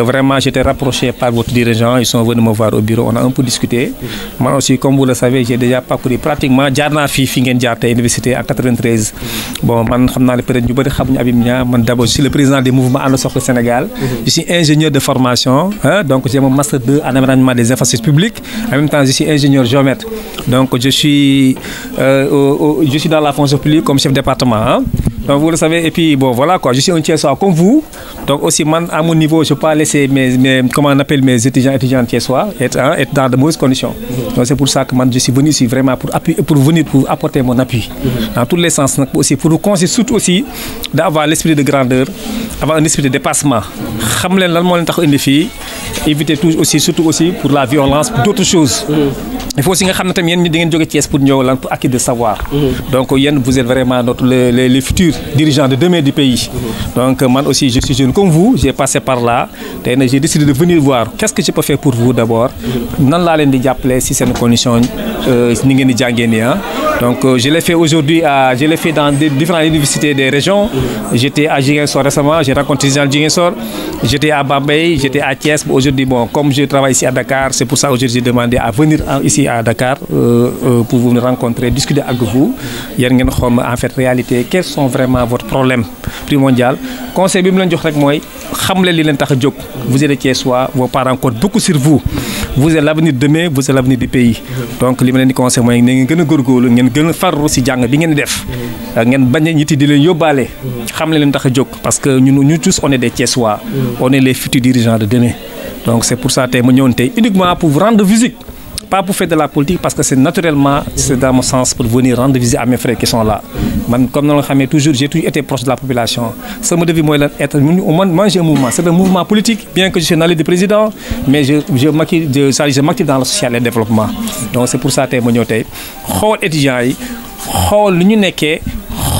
Euh, vraiment, j'étais rapproché par votre dirigeant. Ils sont venus me voir au bureau. On a un peu discuté. Moi aussi, comme vous le savez, j'ai déjà parcouru pratiquement Djarna fi fi ngeen jaar tey université en 93. Bon, man xam naa ne peut-être le président des mouvements Ànd Soxla Sénégal. Je ingénieur de formation. Donc, j'ai mon master 2 en aménagement des infrastructures publiques. En même temps, je ingénieur géomètre. Donc, je euh, dans la donc vous le savez et voilà quoi je suis un Thiessois comme vous donc aussi man à mon niveau je pas laisser mes comment on appelle mes étudiants étudiants Thiessois être dans de mauvaises conditions mhm. donc c'est pour ça que man je suis vraiment pour venir pour apporter mon appui mhm. dans tous les sens nag pour vous conseiller surtout aussi d'avoir l'esprit de grandeur avoir un esprit de dépassement xam leen lan moo éviter toujours aussi surtout aussi il faut aussi nga xam ne tamit yéen ñi di ngeen jóge Thiès pour ñëw lan pour acquis de savoir mhm. donc yéen vous êtes vraiment notre les les, les de demain du pays mhm. donc man aussi je suis comme vous j'ai passé par là tey nag j'ai décidé de venir voir qu'est-ce que je peux faire pour vous d'abord mhm. nan laa leen di jàppale si seen condition euh, ni ngeen di jàngee nii ah Donc euh, je l'ai fait aujourd'hui, à, dans des, différentes universités des régions. J'étais à Gigensor récemment, j'ai rencontré Jean Gigensor, j'étais à Bambay, j'étais à Thiès. comme je travaille ici à Dakar, c'est pour ça aujourd'hui j'ai demandé à venir ici à Dakar euh, euh, pour vous rencontrer, discuter avec vous. En fait, réalité, quels sont vraiment vos problèmes primordiaux Conseil que je vous xam li leen tax a jóg vous êtes Thiessois vos parents comptent beaucoup sur vous vous l'avenir demain vous l'avenir du pays donc li ma leen di conseil mooy ne ngeen gën a góorgóorlu ngeen gën a si jàng bi ngeen def euh, ngeen bañ a ñitti di leen yóbbaale xam leen tax a jóg parce que ñun ñu tous on est des Thiessois on est les futurs de demain donc c'est pour ça tey ma ñëwoon uniquement pour rendre visite pas pour faire de la politique parce que c'est naturellement, c'est dans mon sens pour venir rendre visite à mes frères qui sont là. comme nous le savons toujours, j'ai toujours été proche de la population. Ça me devait être, moi un mouvement, c'est un mouvement politique, bien que je suis allé de président, mais je, je, je, je m'active dans le social et développement. Donc c'est pour ça que je suis venu. Je suis étudiant, je suis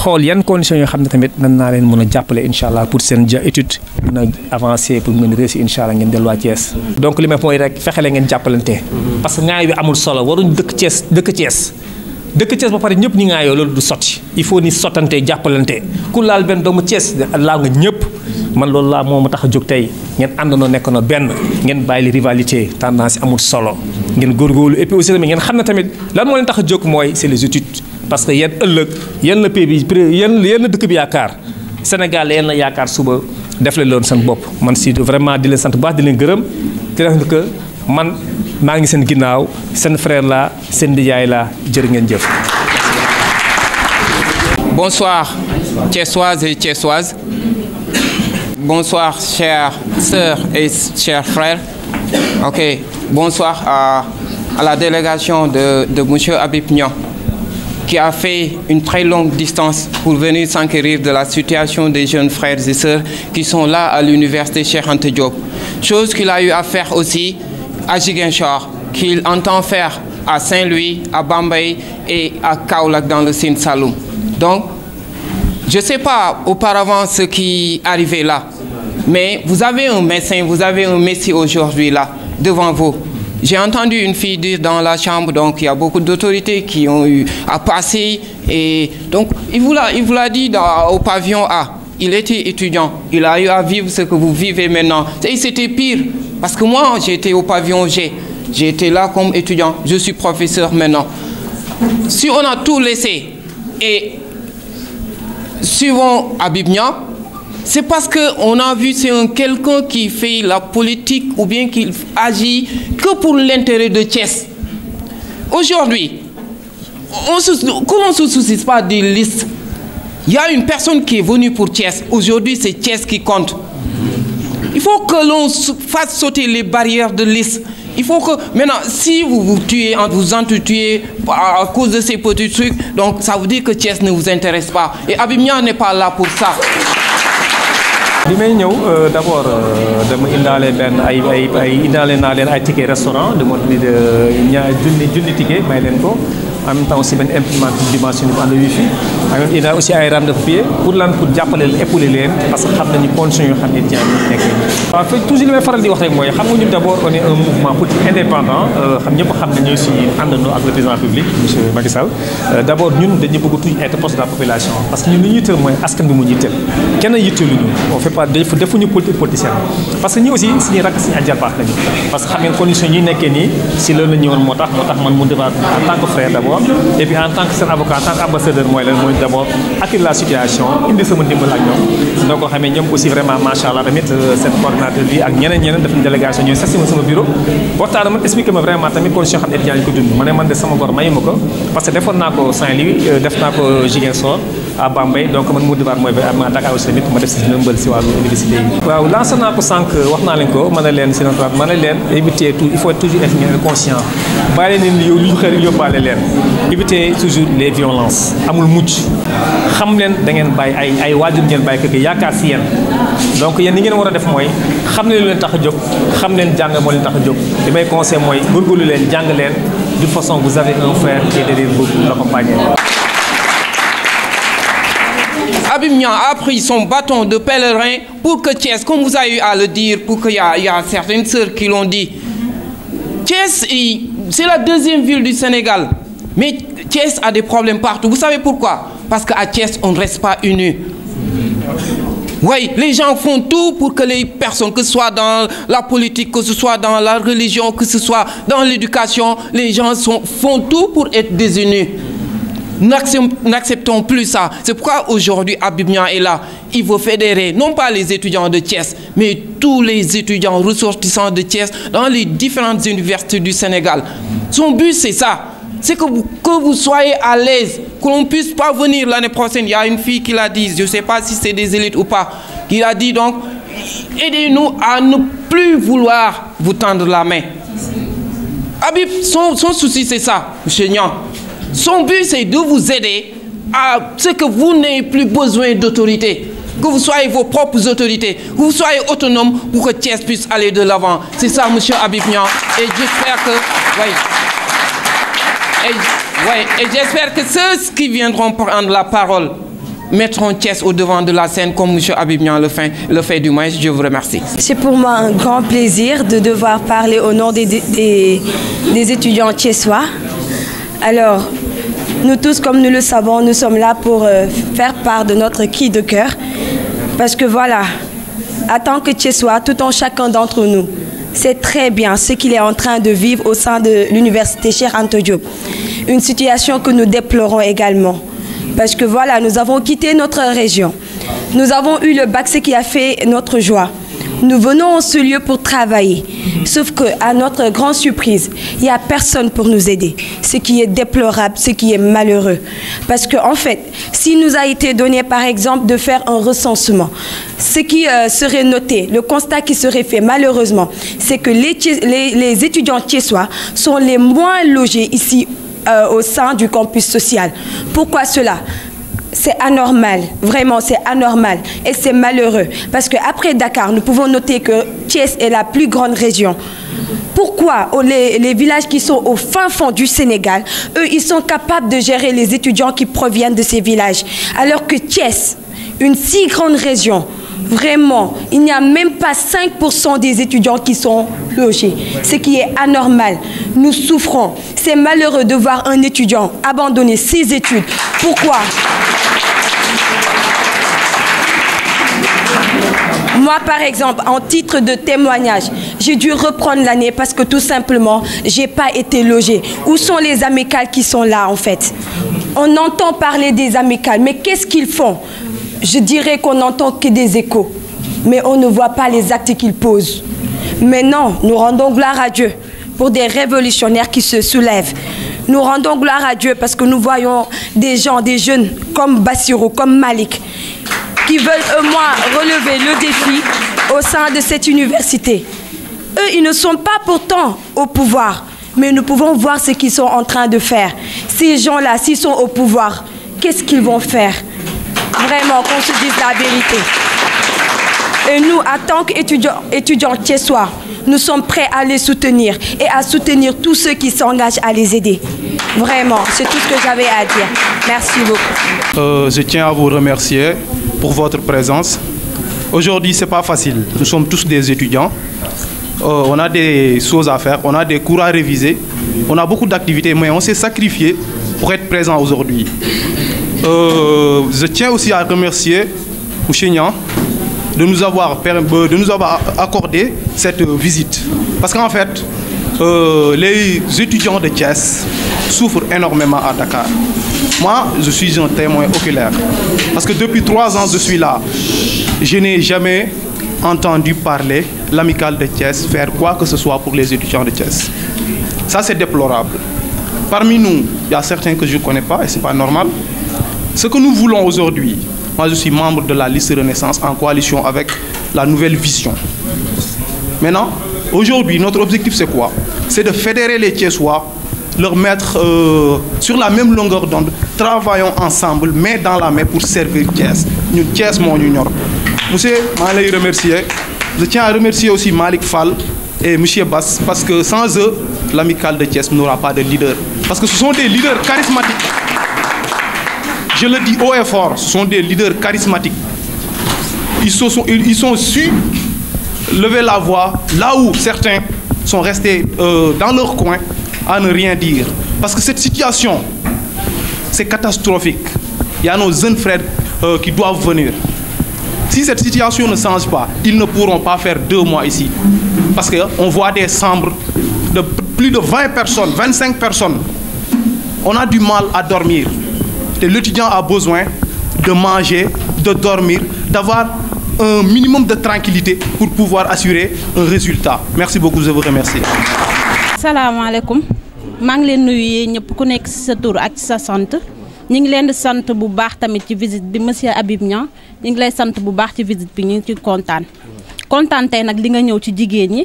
xool yan conditions yoo xam ne tamit nan naa leen mën a jàppale incha allah pour seen ja étude mën a avancer pour ngeen réussir incha allah ngeen delluwaat Thiès. donc li may mooy rek fexe leen ngeen jàppalante. parce que ngaay bi amul solo waruñ dëkk Thiès dëkk Thiès. dëkk Thiès ba pare ñëpp ñi ngaayoo loolu du sotti il faut ni sottante jàppalante ku laal benn doomu Thiès laal nga ñëpp man loolu laa moo ma tax a jóg tey ngeen àndandoo nekk na benn ngeen bàyyi li rivalité tendance amul solo ngeen góorgóorlu ngeen xam ne tamit lan moo a jóg mooy c'est parce que yéen ëllëg yenn la pays bi yéen yéen la dëkk bi yaakaar Sénégal yenn la yaakaar suba def leen loon seen bopp man si vraiment di leen sant bu baax di leen gërëm di leen que man maa ngi seen ginnaaw seen frère la seen nijaay la jër ngeen jëf. Bonsoir, Thiessoises et Thiessoises. Bonsoir, chers sœurs et chers frères. Ok, bonsoir à, à la délégation de, de M. Habib Nyon. qui a fait une très longue distance pour venir s'enquérir de la situation des jeunes frères et sœurs qui sont là à l'université Cheikh Anta Diop. Chose qu'il a eu à faire aussi à Ziguinchor, qu'il entend faire à Saint-Louis, à Bambay et à Kaolack dans le Sine Saloum. Donc, je ne sais pas auparavant ce qui arrivait là, mais vous avez un médecin, vous avez un messie aujourd'hui là, devant vous. J'ai entendu une fille dire dans la chambre, donc il y a beaucoup d'autorités qui ont eu à passer. Et donc, il vous l'a dit dans, au pavillon A. Il était étudiant. Il a eu à vivre ce que vous vivez maintenant. Et c'était pire. Parce que moi, j'étais au pavillon G. J'étais là comme étudiant. Je suis professeur maintenant. Si on a tout laissé et suivons Abibnia, c'est parce qu'on a vu c'est un quelqu'un qui fait la politique ou bien qui agit que pour l'intérêt de Thiès. Aujourd'hui, on se, comment on se soucie pas des listes Il y a une personne qui est venue pour Thiès. Aujourd'hui, c'est Thiès qui compte. Il faut que l'on fasse sauter les barrières de liste. Il faut que maintenant, si vous vous tuez, à cause de ces petits trucs, donc ça veut dire que Thiès ne vous intéresse pas. Et Abimia n'est pas là pour ça. bi may ñëw euh, d'abord euh, dama indaale benn ay ay ay indaale naa leen ay ticket restaurant de mode de euh, ñaar junni junni ticket may leen ko. en même temps benn imprimante dimensionné bu ànd wifi en même ay rames de papier pour lan pour jàppale leen épauler leen parce que xam nañu conditions yoo xam ne jaan yi nekk waaw euh, ak le public monsieur Macky Sall euh, ñun dañu bëgg toujours être proche de la parce que ñun li ñu yitteel mooy askan bi mu yitteel kenn yitteelu ñu on fait pas defuñu politique politicienne parce que ñi aussi suñuy rakk suñu àjjarbaat lañu parce que xam ngeen condition yi nekkee d'abord et puis en tant que seen avocat en tant que ambassadeur mooy leen mooy d'abord accueillir la situation indi sama ndimbal ak ñoom noo ko xamee ñoom aussi vraiment allah tamit euh, seen coordinateur bi ak ñeneen ñeneen def na délégation ñooy sasi ma sama bureau waxtaan man expliqué ma vraiment tamit condition xam ne étudiant yi ko dund ma ne man de sama gor mayu ma ko parce que defoon naa ko Saint-Louis euh, def naa ko Ziguinchor à Bambey donc man mu divaat mooy à Dakar aussi tamit ma def si nëmbal si waaw lancé naa ko sànq wax naa leen ko mën a leen sinatoir mën a leen éviter tout il faut toujours être ñe conscient leen yóbbaale leen éviter xam leen da ngeen bàyyi ay ay waajur ngeen bàyyi yaakaar si yéen donc yéen li ngeen war a def mooy xam ne lu leen tax a jóg xam leen jàng moo leen tax a jóg li may conseil mooy góorgóorlu leen jàng leen de façon vous avez un frère qui est derrière vous pour Habib Niang a pris son bâton de pèlerin pour que Thiès, comme vous avez eu à le dire, pour qu'il y, y, a certaines sœurs qui l'ont dit, Thiès, c'est la deuxième ville du Sénégal. Mais Thiès a des problèmes partout. Vous savez pourquoi Parce qu'à Thiès, on ne reste pas unis. Oui, les gens font tout pour que les personnes, que ce soit dans la politique, que ce soit dans la religion, que ce soit dans l'éducation, les gens sont, font tout pour être désunis. N'acceptons plus ça. C'est pourquoi aujourd'hui Abibnian est là. Il faut fédérer non pas les étudiants de Thiès, mais tous les étudiants ressortissants de Thiès dans les différentes universités du Sénégal. Son but, c'est ça. C'est que vous, soyez à l'aise, que l'on puisse pas venir l'année prochaine. Il y a une fille qui l'a dit, je ne sais pas si c'est des élites ou pas, qui a dit donc, aidez-nous à ne plus vouloir vous tendre la main. Habib, son, souci, ça, Son but, c'est de vous aider à ce que vous n'ayez plus besoin d'autorité, que vous soyez vos propres autorités, vous soyez autonome pour que Thiès puisse aller de l'avant. C'est ça, Monsieur Abibnian. Et j'espère que... Oui. ceux qui viendront prendre la parole mettront Thiès au devant de la scène comme M. Abibnian le fait, le fait du moins. Je vous remercie. C'est pour moi un grand plaisir de devoir parler au nom des, des, des étudiants Alors, Nous tous, comme nous le savons, nous sommes là pour euh, faire part de notre cri de cœur. Parce que voilà, en tant que Tchessois, tout en chacun d'entre nous, c'est très bien ce qu'il est en train de vivre au sein de l'université Cheikh Anta Diop. Une situation que nous déplorons également. Parce que voilà, nous avons quitté notre région. Nous avons eu le bac, ce qui a fait notre joie. Nous venons en ce lieu pour travailler. Sauf que, à notre grande surprise, il n'y a personne pour nous aider. Ce qui est déplorable, ce qui est malheureux. Parce qu'en en fait, s'il nous a été donné, par exemple, de faire un recensement, ce qui euh, serait noté, le constat qui serait fait, malheureusement, c'est que les, les, les étudiants tiessois sont les moins logés ici euh, au sein du campus social. Pourquoi cela c'est anormal vraiment c'est anormal et c'est malheureux parce que après Dakar nous pouvons noter que Thiès est la plus grande région pourquoi les, les villages qui sont au fin fond du Sénégal eux ils sont capables de gérer les étudiants qui proviennent de ces villages alors que Thiès une si grande région vraiment il n'y a même pas 5% des étudiants qui sont logés ce qui est anormal nous souffrons c'est malheureux de voir un étudiant abandonner ses études pourquoi Moi, par exemple, en titre de témoignage, j'ai dû reprendre l'année parce que tout simplement, j'ai pas été logée. Où sont les amicales qui sont là, en fait On entend parler des amicales, mais qu'est-ce qu'ils font Je dirais qu'on entend que des échos, mais on ne voit pas les actes qu'ils posent. Mais non, nous rendons gloire à Dieu pour des révolutionnaires qui se soulèvent. Nous rendons gloire à Dieu parce que nous voyons des gens, des jeunes comme Bassirou, comme qui veulent au moins relever le défi au sein de cette université. Eux, ils ne sont pas pourtant au pouvoir, mais nous pouvons voir ce qu'ils sont en train de faire. Ces gens-là, s'ils sont au pouvoir, qu'est-ce qu'ils vont faire Vraiment, qu'on se dise la vérité. Et nous, en tant qu'étudiants étudiants soir, nous sommes prêts à les soutenir et à soutenir tous ceux qui s'engagent à les aider. Vraiment, c'est tout ce que j'avais à dire. Merci beaucoup. Euh, pour votre présence. Aujourd'hui, ce pas facile. Nous sommes tous des étudiants. Euh, on a des choses à faire, on a des cours à réviser, on a beaucoup d'activités, mais on s'est sacrifié pour être présent aujourd'hui. Euh, je tiens aussi à remercier Mouchignan de nous avoir, euh, de accordé cette visite. Parce qu'en fait, euh, les étudiants de Thiès souffre énormément à Dakar. Moi, je suis un témoin oculaire. Parce que depuis trois ans, je suis là. Je n'ai jamais entendu parler l'amicale de Thiès faire quoi que ce soit pour les étudiants de Thiès. Ça, c'est déplorable. Parmi nous, il y a certains que je ne connais pas et ce n'est pas normal. Ce que nous voulons aujourd'hui, je suis membre de la liste Renaissance en coalition avec la nouvelle vision. Maintenant, aujourd'hui, notre objectif c'est quoi C'est de fédérer les Thiessois leur mettre euh, sur la même longueur d'onde travaillons ensemble mais dans la main pour servir Thiès ñun Thiès moo ñu ñor monsieur maa lay remercier je tiens à remercier aussi Malick Fall et monsieur bas parce que sans eux l'amicale de Thiès n'aura pas de leader parce que ce sont des leaders charismatiques je des leaders charismatiques ils se sont ils, su lever la voix là où certains sont restés euh, dans leur coin à ne rien dire. Parce que cette situation, c'est catastrophique. Il y a nos jeunes frères euh, venir. Si cette situation ne change pas, ils ne pourront pas deux mois ici. Parce qu'on voit des chambres de plus de 20 personnes, 25 personnes. On a du mal à dormir. L'étudiant a besoin de manger, de dormir, d'avoir un minimum de tranquillité pour pouvoir assurer un résultat. Merci beaucoup, je vous remercie. Salam maa ngi leen nuyu yee ñëpp ku nekk ci sa tur ak ci sa sant ñu ngi leen di sant bu baax tamit ci visite bi monsieur abib Niang ñu ngi lay sant bu baax ci visite bi ñu ngi ci kontaan kontaan tey nag li nga ñëw ci jigéen ñi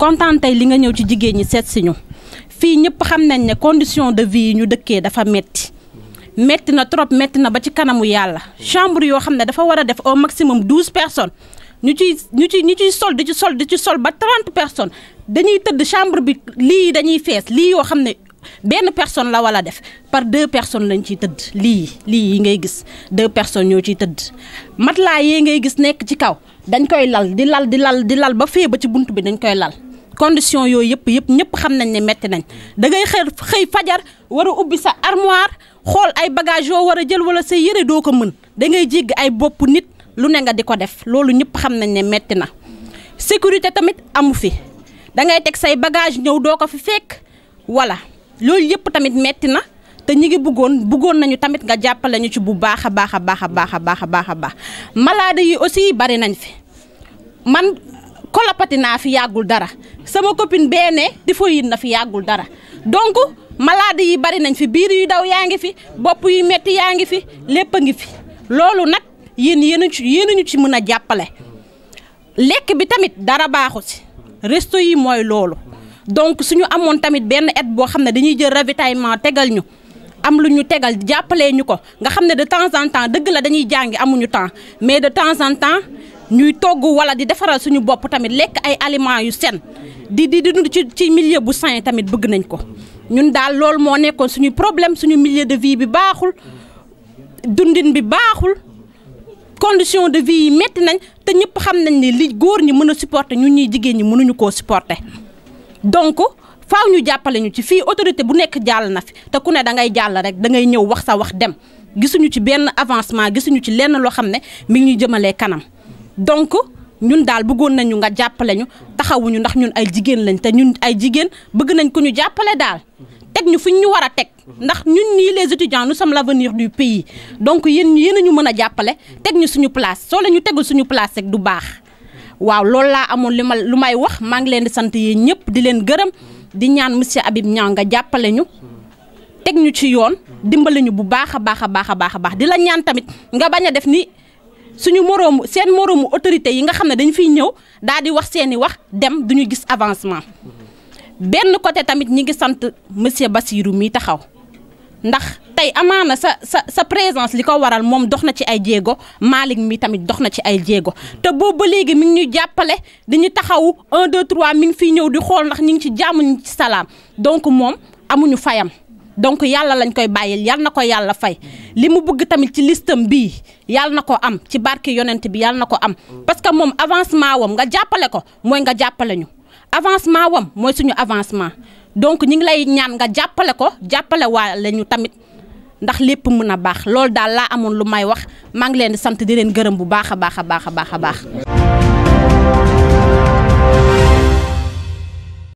kontaan tey li nga ñëw ci jigéen ñi seet si ñu fii ñëpp xam nañ ne condition de vie yi ñu dëkkee dafa metti metti na trop metti na ba ci kanamu yàlla chambre yoo xam ne dafa war a def au maximum douze personnes ñu ci ñu ci ñu ciy sol di ci sol di ci sol ba trente personnes dañuy tëdd chambre bi lii dañuy fees lii yoo xam ne benn personne la wala def par deux personnes lañ ciy tëdd lii lii yi ngay gis deux personnes yoo ciy tëdd matelas yee ngay gis nekk ci kaw dañ koy lal di lal di lal di lal ba fee ba ci bunt bi dañ koy lal condition yooyu yëpp yëpp ñëpp xam nañ ne metti nañ da ngay xëy xëy fajar war a ubbi sa armoire xool ay bagages yoo war a jël wala sa yëre doo ko mën da ngay jéggi ay bopp lu ne nga di ko def loolu ñëpp xam nañ ne metti na sécurité tamit amu fi da ngay teg say bagage ñëw doo ko fi fekk voilà loolu yëpp tamit metti na te ñi ngi buggoon bëggoon nañu tamit nga jàppale ñu ci bu baax a baax a baax a baax a baax a baax a baax malade yi aussi bari nañ fi man kolopati naa fi yàggul dara sama copine beene typhoïde na fi yàggul dara donc malade yi bari nañ fi biir yu daw yaa ngi fi bopp yu metti yaa ngi fi lépp a ngi fi loolu nag yéen yéen ci yéen ñu ci mën a jàppale lekk bi tamit dara baaxu si resto yi mooy loolu donc suñu amoon tamit benn aide boo xam ne dañuy jël ravitaillement tegal ñu am lu ñu tegal jàppalee ñu ko nga xam ne de temps en temps dëgg la dañuy jàngi amuñu temps mais de temps en temps ñuy togg wala di defaral suñu bopp tamit lekk ay aliments yu sen di di dund ci ci milieu bu sain tamit bëgg nañ ko ñun daal loolu moo nekkoon suñu problème suñu millier de vie bi baaxul dundin bi baaxul condition de vie yi métti nañ te ñëpp xam nañ ne li góor ñi mën a supporter ñun ñuy jigéen ñi mënuñu koo supporter donc faw ñu jàppale ñu ci fii autorité bu nekk jàll na fi te ku ne da ngay jàll rek da ngay ñëw wax sa wax dem gisuñu ci benn avancement gisuñu ci lenn loo xam ne mi ngi ñuy jëmalee kanam donc ñun daal bëggoon nañu nga jàppale ñu taxawuñu ndax ñun ay jigéen lañ te ñun ay jigéen bëgg nañ ko ñu jàppale daal teg ñu fu ñu war a teg. ndax ñun ñii les étudiants nous sommes l' avenir du pays donc yéen yéen a ñu mën a jàppale teg ñu suñu place soo la ñu tegul suñu place rek du baax waaw loolu laa amoon li ma lu may wax maa ngi leen sant yéen ñëpp di leen gërëm di ñaan monsieur Habib Niang nga jàppale ñu teg ñu ci yoon dimbali ñu bu baax a baax a baax a baax a baax di la ñaan tamit nga bañ a def ni suñu moroomu seen moroomu autorité yi nga xam ne dañu fiy ñëw daal di wax seeni wax dem duñu gis avancement benn côté tamit ñi ngi sant monsieur Bassirou mi taxaw ndax tey amaana sa sa sa présence li ko waral moom dox na ci ay jéego Malick mi tamit dox na ci ay jéego te boobu ba léegi mi ngi ñuy jàppale di ñu taxawu 1 2 3 mi ngi fiy ñëw di xool ndax ñu ngi ci jàmm ñu ci salaam donc moom amuñu fayam donc yàlla lañ koy bàyyil yàlla na ko yàlla fay li mu bugg tamit ci listam bii yàlla na ko am ci barke yonent bi yàlla na ko am parce que moom avancement wam nga jàppale ko mooy nga jàppale ñu avancement wam mooy suñu avancement. donc ñu ngi lay ñaan nga jàppale ko jàppale waa la ñu tamit ndax lépp mën a baax loolu daal laa amoon lu may wax maa ngi leen sant di leen gërëm bu baax a baax a baax a baax a baax.